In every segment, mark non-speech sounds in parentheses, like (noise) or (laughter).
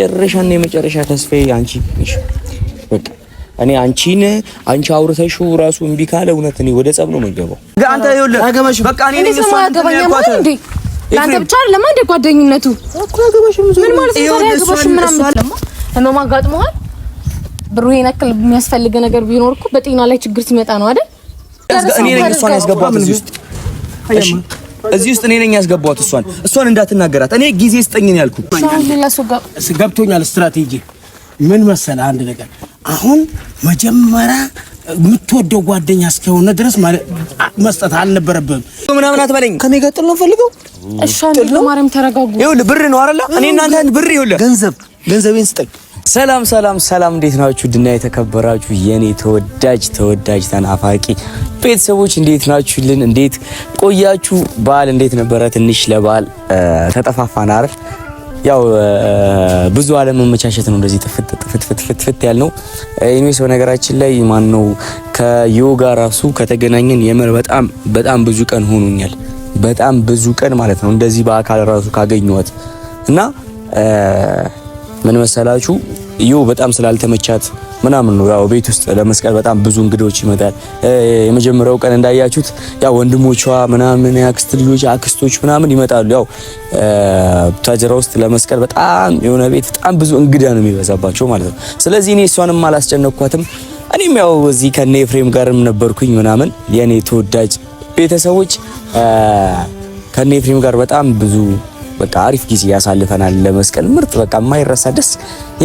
የመጨረሻና የመጨረሻ ተስፋዬ አንቺ ነሽ። በቃ እኔ አንቺን አንቺ አውርተሽው ራሱ እምቢ ካለ እውነት እኔ ወደ ጸብ ነው የምገባው። አንተ ይኸውልህ በቃ እኔ ነኝ እሷ አገባኝ እንዴ? ለአንተ ብቻ አይደለም እንደ ጓደኝነቱ እኮ አገባሽም ምን ማለት ነው? አገባሽም ምናምን ነው ማጋጥመዋል። ብሩ ይነክል የሚያስፈልግ ነገር ቢኖር እኮ በጤና ላይ ችግር ሲመጣ ነው አይደል? እኔ ነኝ እሷን ያስገባሁት እዚህ ውስጥ እሺ እዚህ ውስጥ እኔ ነኝ ያስገባሁት። እሷን እሷን እንዳትናገራት እኔ ጊዜ ስጠኝ ነው ያልኩት። ገብቶኛል። ስትራቴጂ ምን መሰለ አንድ ነገር አሁን መጀመሪያ የምትወደው ጓደኛ እስከሆነ ድረስ መስጠት አልነበረብህም። ምናምን አትበለኝ። ከኔ ጋር ጥል ነው ፈልገው። እሺ፣ አንተ ለማርያም ተረጋጉ። ይኸውልህ ብር ነው አይደለ? እኔ እናንተ ብር ይኸውልህ፣ ገንዘብ ገንዘቤን ስጠኝ ሰላም ሰላም ሰላም፣ እንዴት ናችሁ? ድና የተከበራችሁ የኔ ተወዳጅ ተወዳጅ ተናፋቂ ቤተሰቦች እንዴት ናችሁልን? እንዴት ቆያችሁ? በዓል እንዴት ነበረ? ትንሽ ለበዓል ተጠፋፋን አይደል? ያው ብዙ አለመመቻቸት ነው እንደዚህ ፍትፍትፍትፍት ያልነው። ኢኒዌይስ በነገራችን ላይ ማን ነው ከዮጋ ራሱ ከተገናኘን የምር በጣም በጣም ብዙ ቀን ሆኖኛል። በጣም ብዙ ቀን ማለት ነው እንደዚህ በአካል ራሱ ካገኘኋት እና ምን መሰላችሁ እዩ በጣም ስላልተመቻት ምናምን ነው። ያው ቤት ውስጥ ለመስቀል በጣም ብዙ እንግዶች ይመጣል። የመጀመሪያው ቀን እንዳያችሁት ያው ወንድሞቿ ምናምን ያክስት ልጆች፣ አክስቶች ምናምን ይመጣሉ። ያው ታጀራ ውስጥ ለመስቀል በጣም የሆነ ቤት በጣም ብዙ እንግዳ ነው የሚበዛባቸው ማለት ነው። ስለዚህ እኔ እሷንም አላስጨነኳትም። እኔም ያው እዚህ ከነ ኤፍሬም ጋርም ነበርኩኝ ምናምን የኔ ተወዳጅ ቤተሰቦች ከነ ኤፍሬም ጋር በጣም ብዙ በቃ አሪፍ ጊዜ ያሳልፈናል። ለመስቀል ምርጥ በቃ የማይረሳ ደስ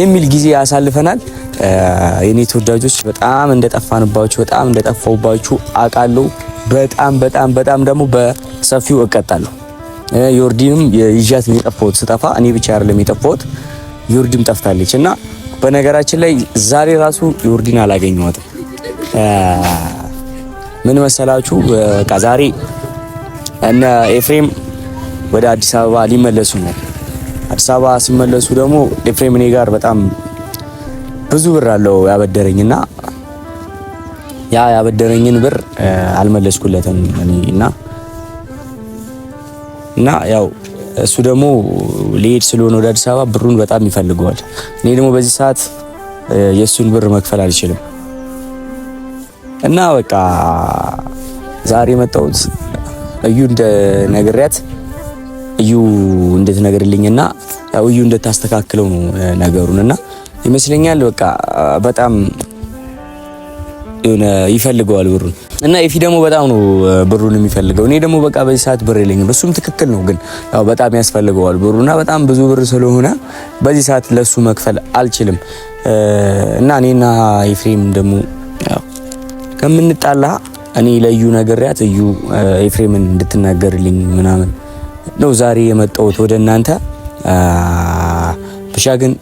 የሚል ጊዜ ያሳልፈናል። የኔ ተወዳጆች በጣም እንደጠፋንባችሁ በጣም እንደጠፋውባችሁ አውቃለሁ። በጣም በጣም በጣም ደግሞ በሰፊው እቀጣለሁ። ዮርዲንም ይዣት የጠፋሁት ስጠፋ እኔ ብቻ አይደለም የጠፋሁት ዮርዲም ጠፍታለች። እና በነገራችን ላይ ዛሬ ራሱ ዮርዲን አላገኘኋትም። ምን መሰላችሁ በቃ ዛሬ እነ ኤፍሬም ወደ አዲስ አበባ ሊመለሱ ነው። አዲስ አበባ ሲመለሱ ደግሞ ኤፍሬም እኔ ጋር በጣም ብዙ ብር አለው ያበደረኝና ያ ያበደረኝን ብር አልመለስኩለትም እኔ እና እና ያው እሱ ደግሞ ሊሄድ ስለሆነ ወደ አዲስ አበባ ብሩን በጣም ይፈልገዋል። እኔ ደግሞ በዚህ ሰዓት የእሱን ብር መክፈል አልችልም እና በቃ ዛሬ መጣሁት እዩ እንደ ነግሬያት እዩ እንድትነግርልኝና ያው እዩ እንድታስተካክለው ነው ነገሩንና ይመስለኛል በቃ በጣም የሆነ ይፈልገዋል ብሩን እና ኤፊ ደግሞ በጣም ነው ብሩን የሚፈልገው። እኔ ደግሞ በቃ በዚህ ሰዓት ብር የለኝም። እሱም ትክክል ነው፣ ግን ያው በጣም ያስፈልገዋል ብሩና በጣም ብዙ ብር ስለሆነ በዚህ ሰዓት ለሱ መክፈል አልችልም እና እኔና ኤፍሬም ደግሞ ከምንጣላ እኔ ለዩ ነገርያት እዩ ኤፍሬምን እንድትናገርልኝ ምናምን ነው ዛሬ የመጣሁት ወደ እናንተ። ብቻ ግን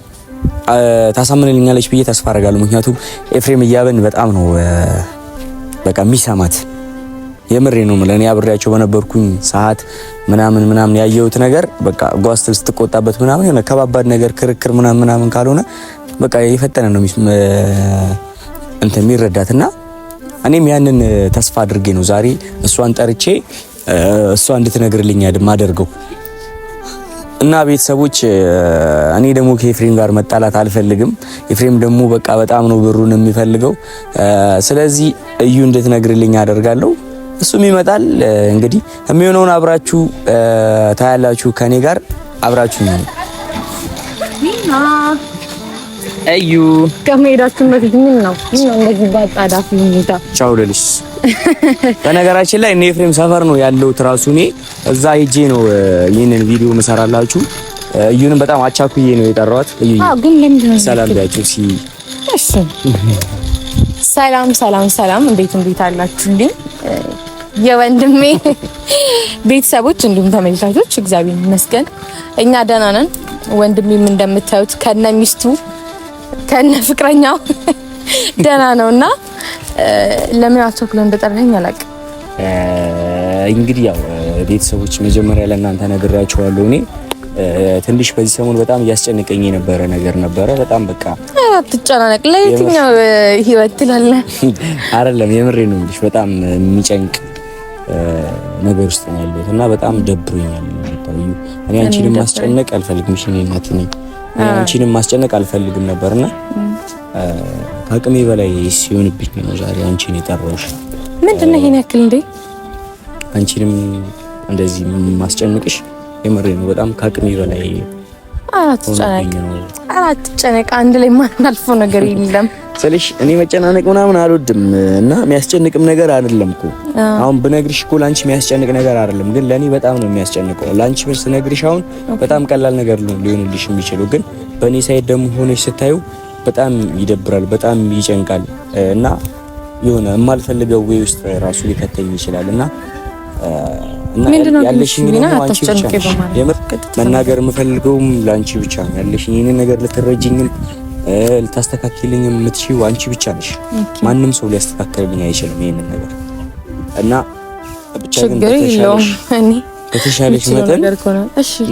ታሳምንልኛለች ብዬ ተስፋ አደርጋለሁ። ምክንያቱም ኤፍሬም እያበን በጣም ነው በቃ የሚሰማት የምሬ ነው የምልህ። አብሬያቸው በነበርኩኝ ሰዓት ምናምን ምናምን ያየሁት ነገር በቃ ጓዝ ስትቆጣበት ምናምን የሆነ ከባባድ ነገር ክርክር ምናምን ምናምን ካልሆነ በቃ የፈጠነ ነው እንትን የሚረዳትና እኔም ያንን ተስፋ አድርጌ ነው ዛሬ እሷን ጠርቼ እሷ እንድትነግርልኝ አደርገው እና ቤተሰቦች፣ እኔ ደግሞ ከኤፍሬም ጋር መጣላት አልፈልግም። ኤፍሬም ደግሞ በቃ በጣም ነው ብሩን የሚፈልገው። ስለዚህ እዩ እንድትነግርልኝ አደርጋለሁ። እሱም ይመጣል። እንግዲህ የሚሆነውን አብራችሁ ታያላችሁ። ከኔ ጋር አብራችሁ ነው እዩ ከመሄዳችን በፊት ምን ነው ምን ነው እንደዚህ ባጣዳፊ ሁኔታ ቻው ልልሽ። በነገራችን ላይ እኔ ኤፍሬም ሰፈር ነው ያለሁት እራሱ እኔ እዛ ሄጄ ነው ይህንን ቪዲዮ መሰራላችሁ። እዩንም በጣም አቻኩዬ ነው የጠራኋት። እዩ ግን ለምንድን ነው ሰላም ቢያችሁ ሲ እሺ። ሰላም ሰላም ሰላም፣ እንዴት እንዴት አላችሁልኝ የወንድሜ ቤተሰቦች እንዲሁም ተመልካቾች? እግዚአብሔር ይመስገን እኛ ደህና ነን። ወንድሜም እንደምታዩት ከነ ሚስቱ ከነ ፍቅረኛው (laughs) ደህና ነው እና ለምን አቶ ብሎ እንደጠራኝ አላውቅም። እንግዲህ ያው ቤተሰቦች መጀመሪያ ለእናንተ ነግራችኋለሁ። እኔ ትንሽ በዚህ ሰሞን በጣም እያስጨነቀኝ የነበረ ነገር ነበረ። በጣም በቃ አትጨናነቅ፣ ለየትኛው ህይወት ትላለህ? (laughs) አይደለም የምሬ ነው እንግዲህ በጣም የሚጨንቅ ነገር ውስጥ ነው ያለሁት እና በጣም ደብሮኛል። እኔ አንቺን ማስጨነቅ አልፈልግም። እሺ እኔ እናት ነኝ አንቺንም ማስጨነቅ አልፈልግም ነበርና ከአቅሜ በላይ ሲሆንብኝ ነው ዛሬ አንቺን የጠራሁሽ። ምንድነው ይሄን ያክል እንዴ? አንቺንም እንደዚህ ማስጨንቅሽ የምሬ ነው። በጣም ከአቅሜ በላይ አትጨነቅ ኧረ አትጨነቅ፣ አንድ ላይ ማናልፎ ነገር የለም ስልሽ እኔ መጨናነቅ ምናምን አልወድም እና የሚያስጨንቅም ነገር አይደለም እኮ አሁን ብነግርሽ እኮ ላንቺ የሚያስጨንቅ ነገር አይደለም፣ ግን ለእኔ በጣም ነው የሚያስጨንቀው። ላንቺ ብር ስነግርሽ አሁን በጣም ቀላል ነገር ሊሆንልሽ የሚችለው ግን በእኔ ሳይድ ደግሞ ሆነሽ ስታዩ በጣም ይደብራል፣ በጣም ይጨንቃል እና የሆነ የማልፈልገው ወይ ውስጥ ራሱ ሊከተኝ ይችላል እና መናገር የምፈልገውም ለአንቺ ብቻ ነው ያለሽኝ። ይህንን ነገር ልትረጅኝም ልታስተካክልኝ የምትችይው አንቺ ብቻ ነሽ። ማንም ሰው ሊያስተካክልልኝ አይችልም ይህንን ነገር እና ብቻ ግን በተሻለሽ (laughs) መጠን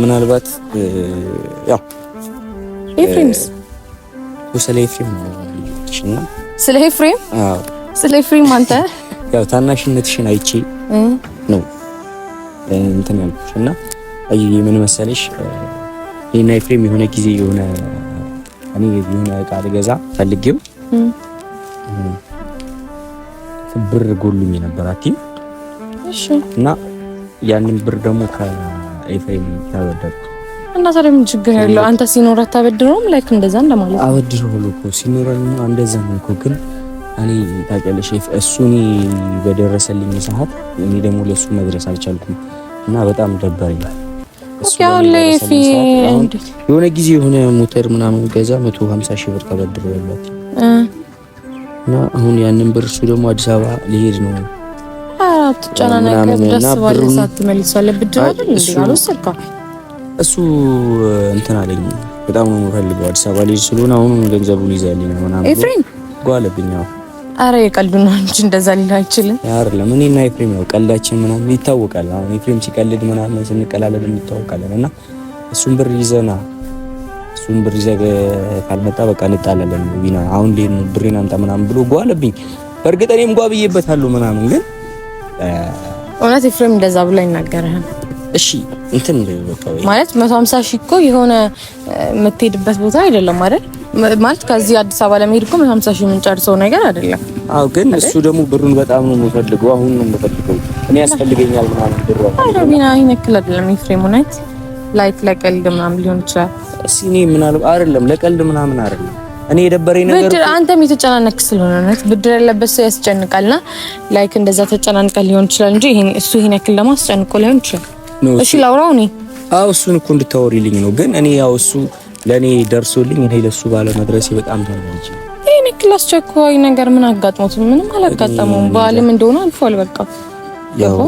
ምናልባት ያው ስለ ስለ ኤፍሬም ስለ ኤፍሬም አንተ (laughs) ያው ታናሽነትሽን አይቼ ነው እንትን ያልኩሽ እና ምን መሰለሽ እኔና ኤፍሬም የሆነ ጊዜ የሆነ እኔ የሆነ እቃ ልገዛ ፈልጌው ብር ጎሉኝ ነበር አቲ እና ያንን ብር ደግሞ ከኤፍሬም ተበደርኩ። እና ታዲያ ምን ችግር ያለው? አንተ ሲኖር አታበድረውም? ላይክ እንደዛ እንደማለት አበድረዋለሁ እኮ ሲኖረን እንደዛ ነው እኮ። ግን እኔ ታውቂያለሽ፣ እሱ እኔ በደረሰልኝ ሰዓት እኔ ደግሞ ለእሱ መድረስ አልቻልኩም። እና በጣም ደባሪ የሆነ ጊዜ የሆነ ሞተር ምናምን ገዛ 150 ሺህ ብር ተበድሮ ያለት እና አሁን ያንን ብር እሱ ደግሞ አዲስ አበባ ሊሄድ ነው። እሱ እንትን አለኝ በጣም ነው የምፈልገው አዲስ አበባ ልጅ ስለሆነ አሁን ገንዘቡን ይዛልኝ ምናምን ጓለብኛው አረ የቀልዱ ነው እንጂ እንደዛ ሊል አይችልም። አይደለም እና ኤፍሬም ነው ቀልዳችን ምናምን ይታወቃል። አሁን ኤፍሬም ሲቀልድ ምናምን ስንቀላለድ እንታወቃለን። እና እሱን ብር ይዘና እሱን ብር ይዘ ካልመጣ በቃ እንጣላለን። ቢና አሁን ሌን ብሬን አምጣ ምናምን ብሎ ጓለብኝ። በእርግጥ እኔም ጓ ብዬበታለሁ ምናምን ግን እውነት ኤፍሬም እንደዛ ብሎ ይናገራል። እሺ እንትን ማለት 150 ሺህ እኮ የሆነ የምትሄድበት ቦታ አይደለም አይደል ማለት ከዚህ አዲስ አበባ ለመሄድ እኮ ምን 50 ሺህ የምንጨርሰው ነገር አይደለም። አዎ፣ ግን እሱ ደግሞ ብሩን በጣም ነው የምፈልገው፣ አሁን ነው የምፈልገው፣ እኔ ያስፈልገኛል ምናምን ብሩ። አይ ቢና ይሄን እክል አይደለም ኤፍሬም፣ እውነት ላይት ለቀልድ ምናምን ሊሆን ይችላል። እስኪ እኔ ምናልባት አይደለም ለቀልድ ምናምን አይደለም እኔ የደበረኝ ነገር ብድር፣ አንተም የተጨናነቅ ስለሆነ እውነት ብድር ያለበት ሰው ያስጨንቃልና ላይክ እንደዛ ተጨናንቀ ሊሆን ይችላል እንጂ ይሄን እሱ ይሄን ያክል ደግሞ አስጨንቆ ሊሆን ይችላል። እሺ ላውራው እኔ አዎ፣ እሱን እኮ እንድታወሪልኝ ነው። ግን እኔ ያው እሱ ለእኔ ደርሶልኝ እኔ ለሱ ባለ መድረሴ በጣም ተናድጄ ይሄን እክል አስቸኳይ ነገር ምን አጋጥሞት? ምንም አላጋጠመውም። በዓልም እንደሆነ አልፏል። በቃ ያው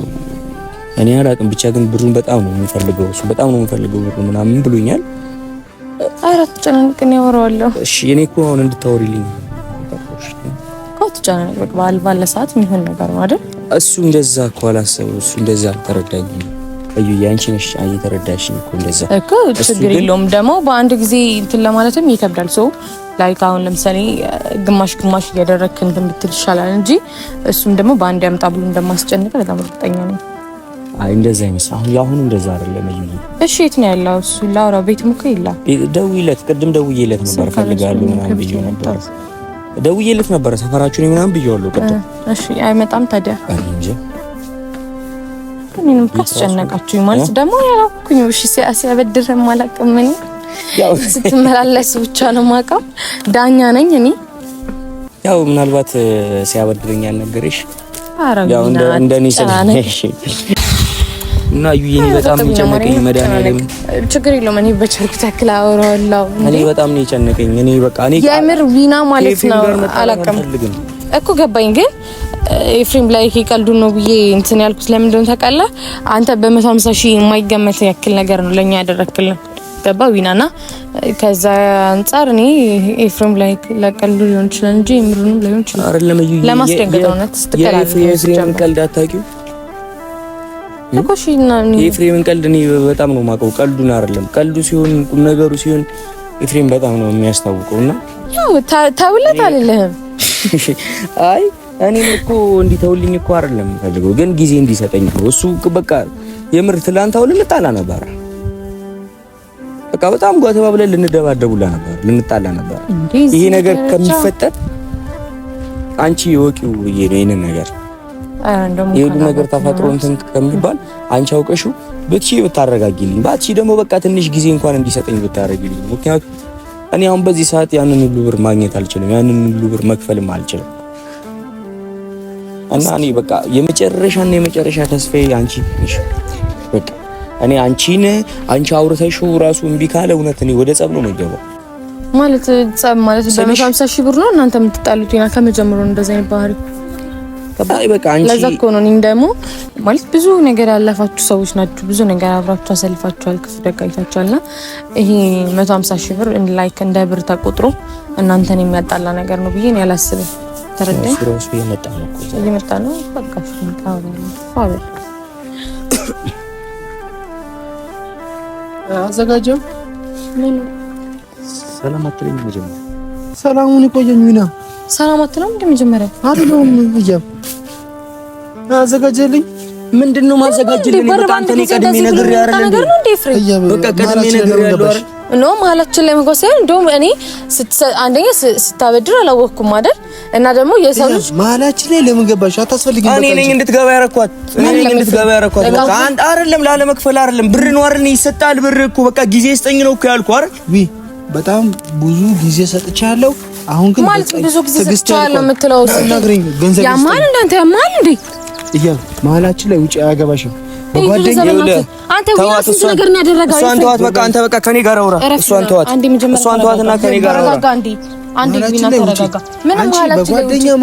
እኔ አላቅም። ብቻ ግን ብሩን በጣም ነው የምፈልገው። እሱ በጣም ነው የምፈልገው ብሩ ምናምን ብሎኛል። ኧረ አትጨናንቅ፣ እኔ አወራዋለሁ። እሺ እኔ እኮ አሁን እንድታወሪልኝ አትጨናንቅ። በቃ ባል ባለ ሰዓት የሚሆን ነገር ነው አይደል? እሱ እንደዛ እኮ አላሰበው፣ እሱ እንደዛ አልተረዳኝም እዩ ያንቺ ነሽ እየተረዳሽኝ እኮ እንደዛ እኮ ችግር የለውም። ደግሞ በአንድ ጊዜ እንትን ለማለትም ይከብዳል። ሶ ላይክ አሁን ለምሳሌ ግማሽ ግማሽ እያደረግክ እንትን ብትል ይሻላል እንጂ እሱም ደግሞ በአንድ ያምጣ ብሎ እንደማስጨንቅ በጣም እርግጠኛ ነው። አይ እንደዛ አይመስል አሁን ያሁን እንደዛ አይደለም። እዩ እሺ፣ የት ነው ያለው እሱ? ላውራ ቤት እኮ ይላ ደውይለት። ቅድም ደውዬለት ነበር እፈልጋለሁ ምናምን ብዬ ነበር ደውዬለት ነበር ሰፈራችሁን ምናምን ብዬዋለሁ ቅድም። እሺ አይመጣም ታዲያ እንጂ እኔንም ካስጨነቃችሁኝ ማለት ደግሞ ያላኩኝ እሺ፣ ሲያበድርም አላውቅም። እኔ ስትመላለስ ብቻ ነው የማውቀው። ዳኛ ነኝ እኔ። ያው ምናልባት ሲያበድረኝ ያልነገረሽ ያው እንደኔ ስለሽ እና ዩዬ በጣም ነው የጨነቀኝ። መድኃኒዓለም ችግር የለውም። እኔ በቻልኩት ያክል አወራዋለሁ። እኔ በጣም ነው የጨነቀኝ። እኔ በቃ እኔ የምር ቢና ማለት ነው አላውቅም እኮ ገባኝ። ግን ኤፍሬም ላይ ይቀልዱ ነው ብዬ እንትን ያልኩት ለምን እንደሆነ ታውቃለህ? አንተ በመቶ ሀምሳ ሺህ የማይገመት ያክል ነገር ነው ለእኛ ያደረክልን። ገባ ዊናና ከዛ አንጻር እኔ ኤፍሬም ላይ ለቀልዱ ሊሆን ይችላል እንጂ የምሩንም ሊሆን ይችላል ለማስደንገጥ እውነት ስትቀላል የኤፍሬምን ቀልድ አታውቂው የኤፍሬምን ቀልድ እኔ በጣም ነው የማውቀው። ቀልዱን አይደለም ቀልዱ ሲሆን ቁም ነገሩ ሲሆን ኤፍሬም በጣም ነው የሚያስታውቀው እና ተውለት አልልህም (laughs) አይ እኔም እኮ እንዲተውልኝ እኮ አይደለም የምፈልገው፣ ግን ጊዜ እንዲሰጠኝ ነው። እሱ በቃ የምር ትላንት አሁን ልንጣላ ነበር። በቃ በጣም ጓተባ ብለን ልንደባደቡላ ነበር፣ ልንጣላ ነበር። ይሄ ነገር ከሚፈጠር አንቺ ይወቂው ብዬ ነው ይሄንን ነገር የሁሉ ነገር ተፈጥሮ እንትን ከሚባል አንቺ አውቀሽው ብትሺ ብታረጋጊልኝ፣ ባትሺ ደግሞ በቃ ትንሽ ጊዜ እንኳን እንዲሰጠኝ ብታረጋግልኝ ምክንያቱም እኔ አሁን በዚህ ሰዓት ያንን ሁሉ ብር ማግኘት አልችልም፣ ያንን ሁሉ ብር መክፈልም አልችልም። እና እኔ በቃ የመጨረሻና የመጨረሻ ተስፋዬ አንቺ ነሽ። በቃ እኔ አንቺን አንቺ አውርተሽው ራሱ እምቢ ካለ እውነት እኔ ወደ ጸብ ነው የሚገባው። ማለት ጸብ ማለት በመቶ ሃምሳ ሺህ ብር ነው እናንተ የምትጣሉት ከመጀመሩ እንደዛ አይነት ባህሪ ገባሽ? በቃ አንቺ ለዛ እኮ ነው እኔም ደግሞ ማለት ብዙ ነገር ያለፋችሁ ሰዎች ናችሁ። ብዙ ነገር አብራችሁ አሰልፋችኋል፣ ክፉ ደግ አይታችኋልና ይሄ 150 ሺህ ብር እንደ ላይክ እንደ ብር ተቆጥሮ እናንተን የሚያጣላ ነገር ነው ብዬ ነው ያላስብም። ተረዳኝ። እየመጣ ነው እየመጣ ነው በቃ አዘጋጀው ሰላም አትለኝ። መጀመሪያ ሰላሙን ይቆየኝ። ሰላም አትለም እንደ መጀመሪያ አይደለም ይያብ አዘጋጀልኝ ምንድን ነው ማዘጋጀልኝ? አንተ ነው ቀድሜ ነገር ያረለ ነገር በቃ ቀድሜ ነገር ያለው ኖ መሀላችን ላይ መጓዝ ሳይሆን እንደውም እኔ አንደኛ ስታበድር አላወቅኩም አይደል? እና ደግሞ የሰው ልጅ መሀላችን ላይ ለምን ገባሽ? አታስፈልጊም። እኔ ነኝ እንድትገባ ያረኳት፣ እኔ ነኝ እንድትገባ ያረኳት። በቃ አንድ አይደለም ላለመክፈል አይደለም ብር ነው አይደል? ይሰጣል ብር እኮ በቃ ጊዜ ስጠኝ ነው እኮ ያልኩህ አይደል? በጣም ብዙ ጊዜ ሰጥቻለሁ። አሁን ግን ማለት ብዙ ጊዜ ስቻለሁ የምትለው ስለነግረኝ ገንዘብ ያማል እንዳንተ ያማል እንዴ እያል መሀላችን ላይ ውጪ አያገባሽም። በጓደኛው ለ አንተ ተዋት፣ እሷን ተዋት፣ በቃ አንተ በቃ ከኔ ጋር አውራ። እሷን ተዋት፣ እሷን ተዋትና ከኔ ጋር አውራ። አንድ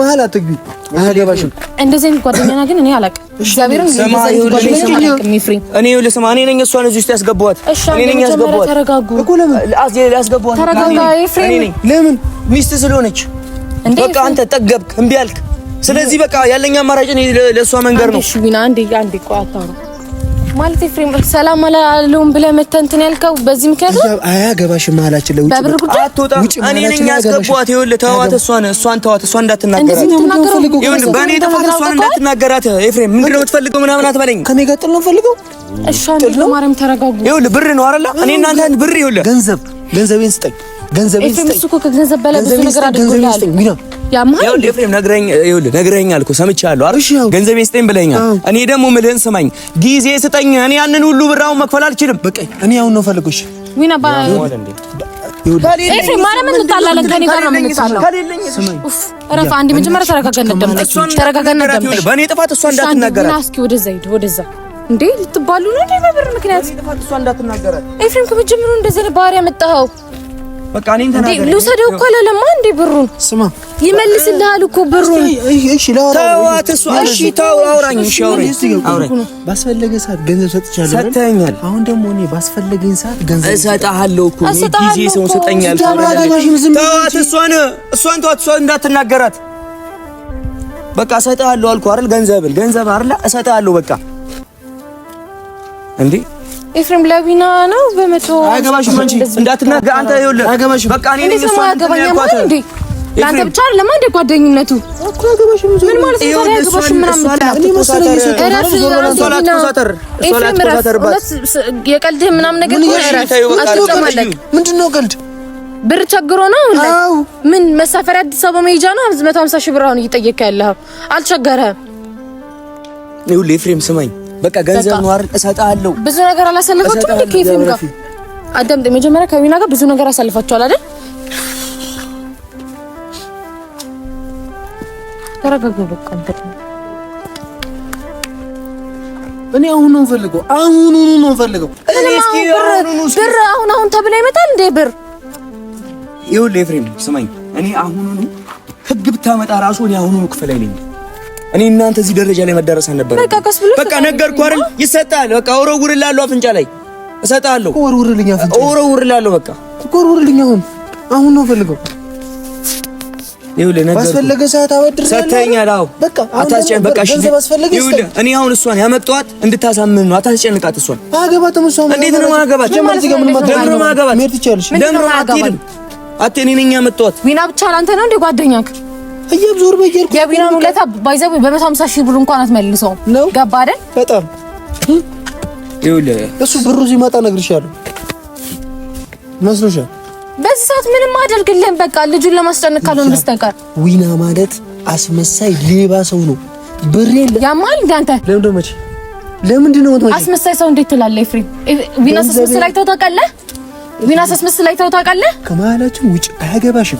መሀል አትግቢ፣ አያገባሽም። እንደዚህ አይነት ግን እኔ ለምን ሚስት ስለሆነች በቃ አንተ ጠገብክ፣ እምቢ አልክ። ስለዚህ በቃ ያለኝ አማራጭ ለእሷ መንገር ነው። ቢና አንዴ አንዴ ማለት ኤፍሬም ሰላም አላለውም ብለህ መተህ እንትን ያልከው በዚህ ምክንያት ነው። አያገባሽም መሀላችን ላይ ውጭ አትወጣም። እኔ ነኝ ያስገቧት። ይኸውልህ ተዋት፣ እሷን እሷን ተዋት። እሷን እንዳትናገራት ይኸውልህ፣ በእኔ ጥፋት እሷን እንዳትናገራት። ኤፍሬም ምንድን ነው የምትፈልገው ምናምን አትበለኝ። ከእኔ ጋር ጥል ነው የምፈልገው። እሺ፣ ማርያም ተረጋጉ። ይኸውልህ ብር ነው አይደለ? እኔ እናንተ ብር ይኸውልህ፣ ገንዘብ ገንዘቤን ስጠኝ ገንዘብ ከገንዘብ በላይ እኮ ሰምቻለሁ። ገንዘብ ስጠኝ ብለኸኛል። እኔ ደግሞ ምልህን ስማኝ፣ ጊዜ ስጠኝ። እኔ ያንን ሁሉ ብር አሁን መክፈል አልችልም። በቃ እኔ አሁን ነው ፈልጎሽ ኤፍሬም ከመጀመሩ እንደዚህ ባህሪ ያመጣኸው በቃ እኔን ተናገር። ልውሰደው እኮ አላለማ እንዴ ብሩን። ስማ ይመልስልሃል እኮ ብሩን። እሺ ተዋት እሷ። እሺ ተው፣ አውራኝ። እሺ አውራኝ። ባስፈለገ ሰዓት ገንዘብ ሰጥቻለሁ። ሰጥተኛል። አሁን ደግሞ እኔ ባስፈለገኝ ሰዓት ገንዘብ እሰጥሃለሁ እኮ ጊዜ ሰው ሰጠኛል። ተዋት እሷን፣ እሷን ተዋት። እሷን እንዳትናገራት በቃ እሰጥሃለሁ አልኩህ አይደል? ገንዘብን ገንዘብ አይደል? እሰጥሃለሁ በቃ እንዴ ኤፍሬም ለቢና ነው በመቶ አንቺ እንዳትናገር አንተ ይኸውልህ፣ በቃ እኔ ነኝ እንዴ? ለአንተ ብቻ አይደለም ጓደኝነቱ ምን ማለት ነው? ምናምን ነገር ምንድን ነው ቀልድ ብር ቸግሮ ነው ምን መሳፈሪያ አዲስ አበባ መሄጃ ነው። 150 ሺህ ብር አሁን እየጠየቀ ያለው አልቸገረህም? ይኸውልህ ኤፍሬም ስማኝ በቃ ገንዘብ ነው አይደል? እሰጥሃለሁ። ብዙ ነገር አላሳልፋችሁም እንዴ? ከኤፍሬም ጋር አዳምጠኝ። መጀመሪያ ከዊና ጋር ብዙ ነገር አሳልፋችኋል አይደል? ተረጋጉ። በቃ እኔ አሁን ነው ፈልገው፣ አሁን ነው ነው ፈልገው። ብር አሁን አሁን ተብለ ይመጣል እንዴ? ብር ይኸውልህ ኤፍሬም ስማኝ፣ እኔ አሁን ነው ህግ ብታመጣ ራሱ እኔ አሁን ነው ክፍል ላይ እኔ እናንተ እዚህ ደረጃ ላይ መዳረስ አልነበረ። በቃ ቀስ ብሎ በቃ አይደል? ይሰጣል። በቃ እወረውርልሃለሁ፣ አፍንጫ ላይ እሰጣለሁ። እወረውርልኝ፣ አፍንጫ እወረውርልሃለሁ። በቃ እወረውርልኝ። አሁን አሁን ነው ፈልገው። ሰዓት በቃ አታስጨን። በቃ እሺ፣ እኔ አሁን እሷን ያመጣኋት እንድታሳምን ነው። አታስጨንቃት። እሷን አገባትም። እሷን እንዴት ነው ማገባት? ማገባት ነኝ ዊና ብቻ ነው እያብዞር በየር የቢናን ውለታ ባይዘው በመቶ ሃምሳ ሺህ ብር እንኳን አትመልሰው ነው ገባ አይደል? በጣም ይኸውልህ፣ እሱ ብሩ ሲመጣ እነግርሻለሁ። መስሎሻል? በዚህ ሰዓት ምንም አደርግልህም። በቃ ልጁን ለማስጨነቅ ካልሆነ በስተቀር ዊና ማለት አስመሳይ ሌባ ሰው ነው። ብሬ ያማል። እንዳንተ ለምንድን ነው ለምንድን ነው ወጥቶ አስመሳይ ሰው እንዴት ትላለህ? ኤፍሬም ዊና አስመስል አይተኸው ታውቃለህ? ዊና አስመስል አይተኸው ታውቃለህ? ከመሀላችን ውጭ አያገባሽም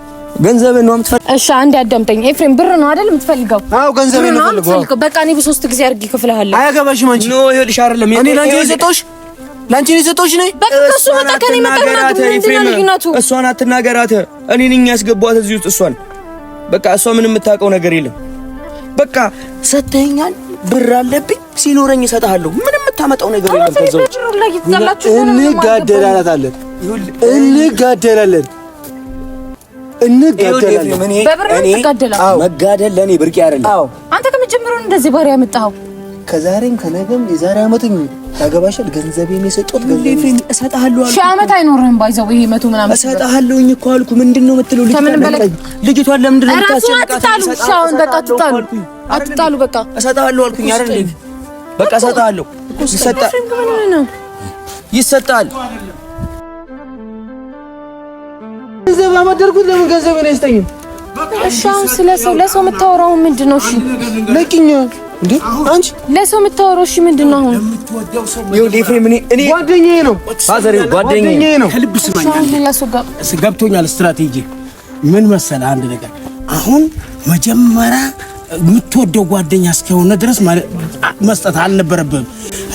ገንዘብን ነው የምትፈልገው? እሺ አንድ አዳምጠኝ ኤፍሬም፣ ብር ነው አይደል የምትፈልገው? አዎ ገንዘብ ነው የምትፈልገው። በቃ እኔ በሶስት ጊዜ አድርጌ እከፍልሃለሁ። አያገባሽም አንቺ ነው ይኸውልሽ፣ አይደለም እኔ ላንቺ የሰጠሁሽ ላንቺ ነው የሰጠሁሽ ነኝ። በቃ እሱ መጣ ከኔ መጣናት ምንድነው ልዩነቱ? እሷን አትናገራት። እኔ ነኝ ያስገባኋት እዚህ ውስጥ እሷን። በቃ እሷ ምንም የምታውቀው ነገር የለም። በቃ ሰተኛል ብር አለብኝ ሲኖረኝ እሰጥሃለሁ። ምንም የምታመጣው ነገር የለም። ከዛው እንጋደላለን እንጋደላለን እንጋደላለን። መጋደል ለእኔ ብርቅ አይደለም። አንተ ከመጀመሪያው እንደዚህ ባሪያ ያመጣኸው ከዛሬም ከነገም የዛሬ አመትም ታገባሻል። ገንዘቤን የሰጠሁት ገንዘቤን እሰጥሃለሁ። ሺህ አመት አይኖርህም። ባይዘው ይሄ መቶ ምናምን እሰጥሃለሁኝ እኮ አልኩ። ምንድን ነው የምትለው? ልጅቷን ለምንድን ነው የምታስጨንቃት? አሁን በቃ አትጣሉ፣ አትጣሉ። በቃ እሰጥሃለሁ አልኩኝ አይደል? በቃ እሰጥሃለሁ። ይሰጣል፣ ይሰጣል ስላላማደርኩት ለምን ገንዘብ ነው ያስጠኝ? አሻም አሁን ስለ ሰው ለሰው የምታወራው ምንድን ነው? እሺ ለቂኝ እንዴ አንቺ ለሰው የምታወራው እሺ ምንድን ነው አሁን? ይኸውልህ ኤፍሬም፣ እኔ ጓደኛዬ ነው ፋዘሬው፣ ጓደኛዬ ነው። ከልብ ስማኝ፣ ገብቶኛል። ስትራቴጂ ምን መሰለ አንድ ነገር አሁን መጀመሪያ የምትወደው ጓደኛ እስከሆነ ድረስ መስጠት አልነበረብህም።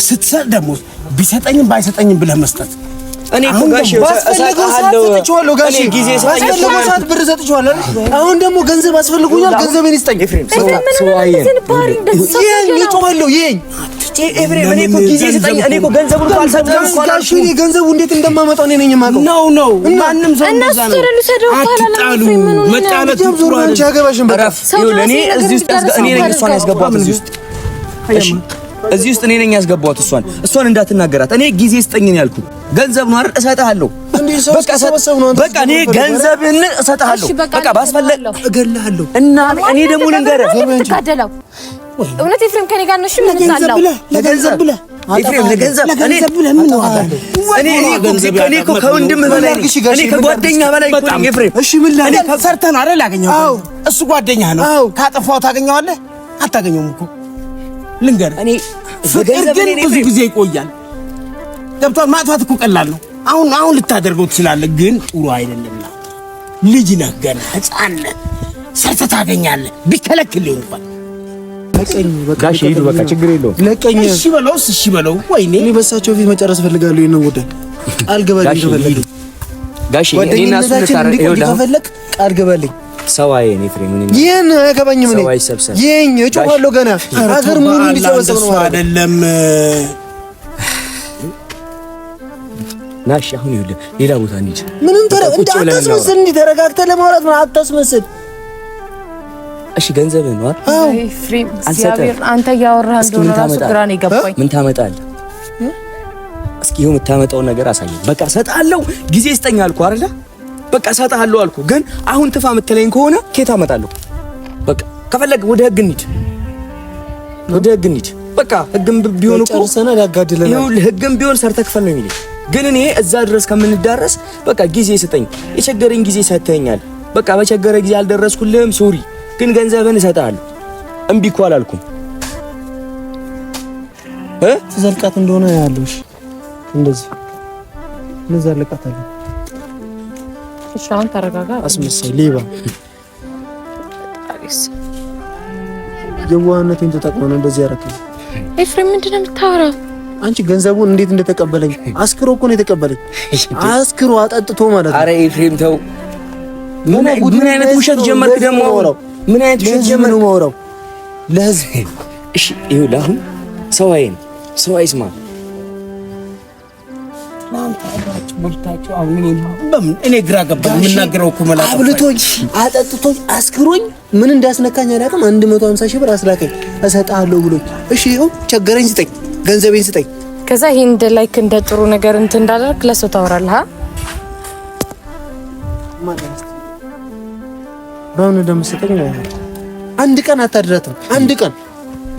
ስትሰጥ ደግሞ ቢሰጠኝም ባይሰጠኝም ብለህ መስጠት እኔ እኮ ጋሽ ባስፈልገው ሰዓት ሰጥቼዋለሁ። ጋሽ ጊዜ ባስፈልገው ሰዓት ብር ሰጥቼዋለሁ። አሁን ደግሞ ገንዘብ አስፈልጎኛል። ገንዘቤን ይስጠኝ። ኤፍሬም ሰው ይሄን እኔ ገንዘቡን ገንዘቡ እንዴት እንደማመጣው እኔ ነኝ የማውቀው። ነው ነው፣ ማንም ሰው አትጣሉ። መጣላት በቃ እኔ እዚህ ውስጥ እኔ ነኝ እሷን ያስገባሁት እዚህ ውስጥ እዚህ ውስጥ እኔ ነኝ ያስገባሁት። እሷን እሷን እንዳትናገራት እኔ ጊዜ ስጠኝ ነው ያልኩ። ገንዘብ ነው አይደል? እሰጥሃለሁ። በቃ እኔ ገንዘብን እሰጥሃለሁ። በቃ ባስፈለግ እገልሃለሁ። እና እኔ ደግሞ ልንገርህ እውነት ኤፍሬም ከኔ ጋር ነው። እሺ ምን ታላው ለገንዘብ ብለህ ኤፍሬም ለገንዘብ እኔ እኔ እኔ በላይ እሺ ምን አይደል ያገኘኸው? እሱ ጓደኛ ነው። ካጠፋው ታገኘዋለህ? አታገኘውም እኮ ልንገር፣ ፍቅር ግን ብዙ ጊዜ ይቆያል። ገብቷል። ማጥፋት እኮ ቀላል ነው። አሁን አሁን ልታደርገው ትችላለህ፣ ግን ጥሩ ልጅ ነህ፣ ገና ነህ። ሰርተህ ታገኛለህ። በቃ ችግር የለውም። ለቀኝ እሺ በለው፣ እሺ በለው። ወይኔ እኔ ፊት መጨረስ ይሄን ጉዳይ ቃል ግባልኝ። ጋሽ እሱ ይወዳ ቃል ግባልኝ ሰው አይን ኤፍሬም፣ ይሄን አይገባኝም። እኔ ይሄን እጮኻለሁ ገና አገር ሙሉ እንዲሰበሰብ ነው አይደለም። ናሽ አሁን ይኸውልህ፣ ሌላ ቦታ እንሂድ። ምንም አታስመስል፣ እንዲህ ተረጋግተህ ለማውራት ነው። አታስመስል። እሺ ገንዘብህ ነው ኤፍሬም። እግዚአብሔር አንተ እያወራህ እንደሆነ እራሱ ግራ ነው የገባኝ። ምን ታመጣለህ? እስኪ ይኸው የምታመጣውን ነገር አሳየኝ። በቃ እሰጥሃለሁ፣ ጊዜ ስጠኝ አልኩህ አይደለ በቃ እሰጥሃለሁ አልኩ። ግን አሁን ትፋ የምትለኝ ከሆነ ኬት አመጣለሁ። በቃ ከፈለግ ወደ ህግ እንሂድ፣ ወደ ህግ እንሂድ። በቃ ህግም ቢሆን እኮ ጨርሰናል፣ ያጋድለናል። ህግም ቢሆን ሰርተህ ክፈል ነው የሚለኝ። ግን እኔ እዛ ድረስ ከምንዳረስ በቃ ጊዜ ስጠኝ። የቸገረኝ ጊዜ ሰጥተኛል። በቃ በቸገረ ጊዜ አልደረስኩልህም፣ ሶሪ። ግን ገንዘብን እሰጥሃለሁ። እምቢ እኮ አላልኩም። እ ዘልቃት እንደሆነ ያለሽ እንደዚህ ምን ዘልቃት አለ እሺ አሁን ተረጋጋ። አስመሳይ ሌባ የዋህነቴን ተጠቅመን እንደዚህ ያደረግን ኤፍሬም፣ ምንድን ነው የምታወራው? አንቺ ገንዘቡን እንዴት እንደተቀበለኝ አስክሮ እኮ ነው የተቀበለኝ። አስክሮ አጠጥቶ ማለት ነው። አረ ኤፍሬም ተው። ምን አይነት ውሸት ጀመርክ ደግሞ? ምን አይነት ውሸት ጀመርክ? ነው ማውራው ለህዝብ። እሺ ይኸውልህ፣ አሁን ሰው አይን ሰው አይስማ እኔ ግራ ገባ የምናገረው እኮ መላ አብልቶኝ አጠጥቶኝ አስክሮኝ ምን እንዳስነካኝ አላውቅም። 150 ሺህ ብር አስላከኝ እሰጥሃለሁ ብሎኝ እሺ ይኸው ቸገረኝ፣ ስጠኝ፣ ገንዘቤን ስጠኝ። ከዛ ይሄ እንደ ላይክ እንደ ጥሩ ነገር እንትን እንዳደርግ ለሰው ታወራለህ። በምን እንደምስጠኝ አንድ ቀን አታድራትም። አንድ ቀን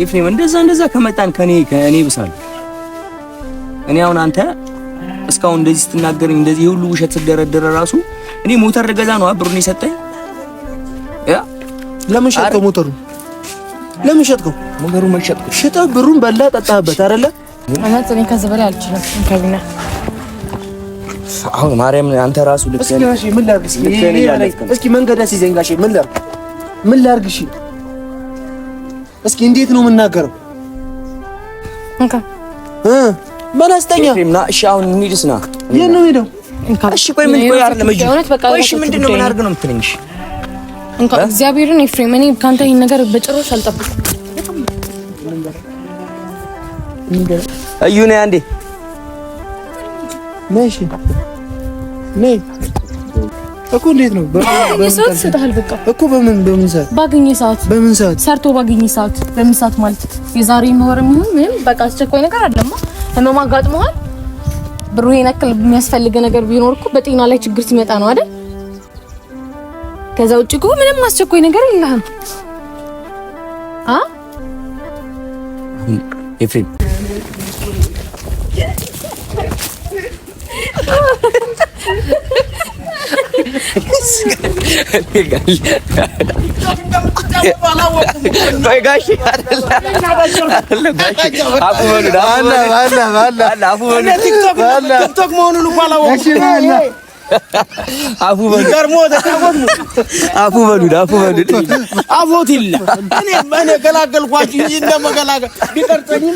ይፍኔ እንደዛ እንደዛ ከመጣን ከኔ ከኔ ብሳል እኔ አሁን አንተ እስካሁን እንደዚህ ስትናገረኝ እንደዚህ የሁሉ ውሸት ስደረደረ ራሱ እኔ ሞተር ልገዛ ነው ብሩን የሰጠኝ። ያ ለምን ሸጥከው? ሞተሩ ለምን ሸጥከው? ሞተሩ መሸጥኩ ሸጠ ብሩን በላ ጠጣህበት አይደለ? እውነት እኔ ከዚህ በላይ አልችልም። ከቢና አሁን ማርያም፣ አንተ ራሱ ልክ እስኪ ማሽ ምን ላድርግ? እስኪ መንገድ አስይዘኝ ጋሼ፣ ምን ላርግ? ምን ላድርግ? እሺ፣ እስኪ እንዴት ነው የምናገረው? እንካ እ ማን አስተኛ? እሺ፣ አሁን እንሂድስ ና። የት ነው እሺ፣ ቆይ ምን ቆይ አይደለም እጁ ቆይ፣ እሺ፣ ምንድን ነው ምን ነው የምትለኝ? እሺ፣ እንኳን እግዚአብሔርን ኤፍሬም፣ እኔ ካንተ ይሄን ነገር በጭራሽ አልጠብቅም። እዩ ነይ አንዴ ነይ። እሺ፣ ነይ እኮ እንዴት ነው? ሰዓት እሰጥሀለሁ። በቃ እኮ በምን በምን ሰዓት ባገኘ ሰዓት በምን ሰዓት ሰርቶ ባገኘ ሰዓት በምን ሰዓት ማለት የዛሬ ምንም በቃ አስቸኳይ ነገር አለማ ህመም አጋጥሞሃል። ብሩ የነክል የሚያስፈልገ ነገር ቢኖር እኮ በጤና ላይ ችግር ሲመጣ ነው አይደል? ከዛ ውጭ እኮ ምንም አስቸኳይ ነገር የለህም። አ ኤፍሬም (laughs) ቲክቶክ አፉ በሉት ገርሞ ተጫወት። አፉ በሉት አፉ በሉት አፎት ይለ እኔ እኔ ገላገልኳችሁ እንጂ እንደመገላገል ቢቀርጠኝም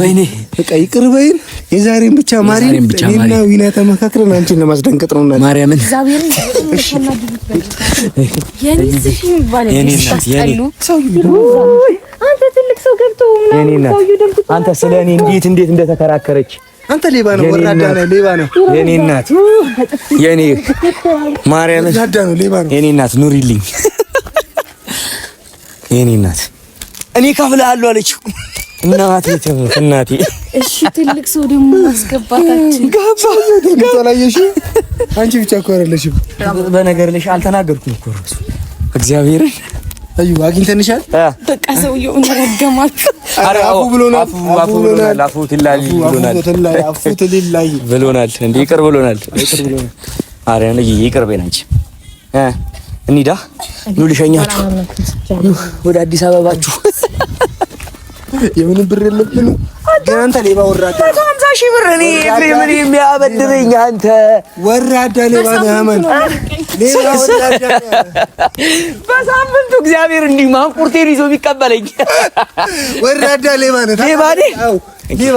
ወይኔ በቃ ይቅር በይን። የዛሬን ብቻ ማርያም እና ዊና ተመካክረን አንቺን ነው። እና ማርያምን አንተ ስለ እኔ እንዴት እንዴት እንደተከራከረች አንተ ሌባ ነው፣ ወራዳ ነው፣ ሌባ ነው የኔ እናት፣ የኔ ማርያምን፣ ወራዳ ነው፣ ሌባ ነው የኔ እናት፣ ኑሪልኝ የኔ እናት እኔ ከፍልሃለሁ አለችው። እናቴ ትምህርት እናቴ እሺ፣ ትልቅ ሰው ደግሞ ማስገባታችን አንቺ ብቻ እኮ አይደለሽም። በነገር ልሽ አልተናገርኩም እኮ ራሱ እግዚአብሔርን እዩ አግኝተንሻል። በቃ ሰውዬው እንደረገማችሁ አፉ ብሎናል፣ አፉ ብሎናል፣ አፉ ትላል ብሎናል፣ አፉ ትላል ብሎናል፣ እንዴ ይቅር ብሎናል። አረን እይ ይቅር በይ አንቺ እ እንሂዳ ኑ ልሸኛችሁ ወደ አዲስ አበባችሁ የምን ብር የለብን አንተ ሌባ ወራዳ፣ መቶ ሀምሳ ሺህ ብር እኔ ምን የሚያበድረኝ አንተ ወራዳ ሌባ ነህመን ሌባ ወራዳ። በሳምንቱ እግዚአብሔር እንዲህ ማንቁርቴን ይዞ የሚቀበለኝ ወራዳ ሌባ ነህ። ሌባ ሌባ